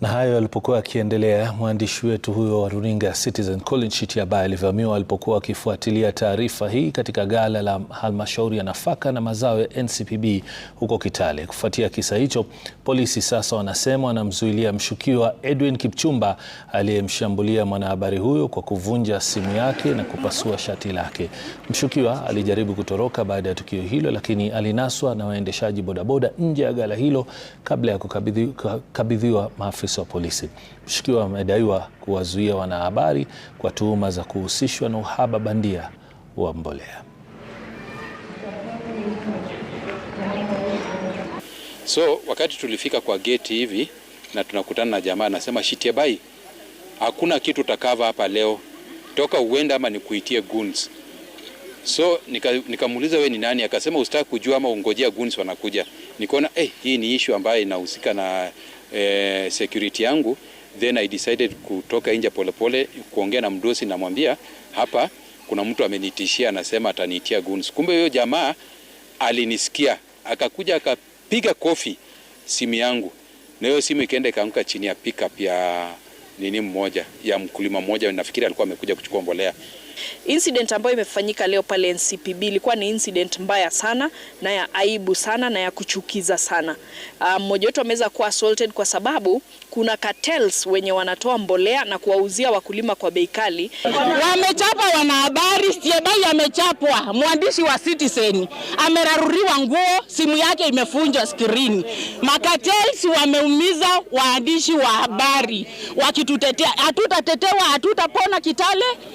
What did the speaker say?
Na hayo yalipokuwa akiendelea, mwandishi wetu huyo wa runinga Citizen Colin Shitiaba alivamiwa alipokuwa akifuatilia taarifa hii katika ghala la halmashauri ya nafaka na mazao ya NCPB huko Kitale. Kufuatia kisa hicho, polisi sasa wanasema wanamzuilia mshukiwa Edwin Kipchumba aliyemshambulia mwanahabari huyo kwa kuvunja simu yake na kupasua shati lake. Mshukiwa alijaribu kutoroka baada ya tukio hilo, lakini alinaswa na waendeshaji bodaboda nje ya ghala hilo kabla ya kukabidhiwa maafisa maafisa wa polisi. Mshukiwa amedaiwa kuwazuia wanahabari kwa tuhuma za kuhusishwa na uhaba bandia wa mbolea. So wakati tulifika kwa geti hivi na tunakutana na jamaa anasema, bai, hakuna kitu utakava hapa leo, toka uende ama nikuitie guns. So nikamuuliza nika wewe ni nani? Akasema ustaki kujua ama ungojea guns wanakuja. Nikaona eh, hii ni issue ambayo inahusika na eh, security yangu, then I decided kutoka nje polepole kuongea na mdosi, namwambia hapa kuna mtu amenitishia, anasema atanitia guns. Kumbe huyo jamaa alinisikia, akakuja akapiga kofi simu yangu, na hiyo simu ikaenda ikaanguka chini ya pickup ya nini mmoja ya mkulima mmoja, nafikiri alikuwa amekuja kuchukua mbolea. Incident ambayo imefanyika leo pale NCPB ilikuwa ni incident mbaya sana na ya aibu sana na ya kuchukiza sana. Ah, mmoja um, wetu ameweza kuwa assaulted kwa sababu kuna cartels wenye wanatoa mbolea na kuwauzia wakulima kwa bei kali. Wamechapa wanahabari, siebai amechapwa, mwandishi wa Citizen ameraruriwa nguo, simu yake imefunjwa screen. Makatels wameumiza waandishi wa habari wakitutetea, hatutatetewa, hatutapona Kitale.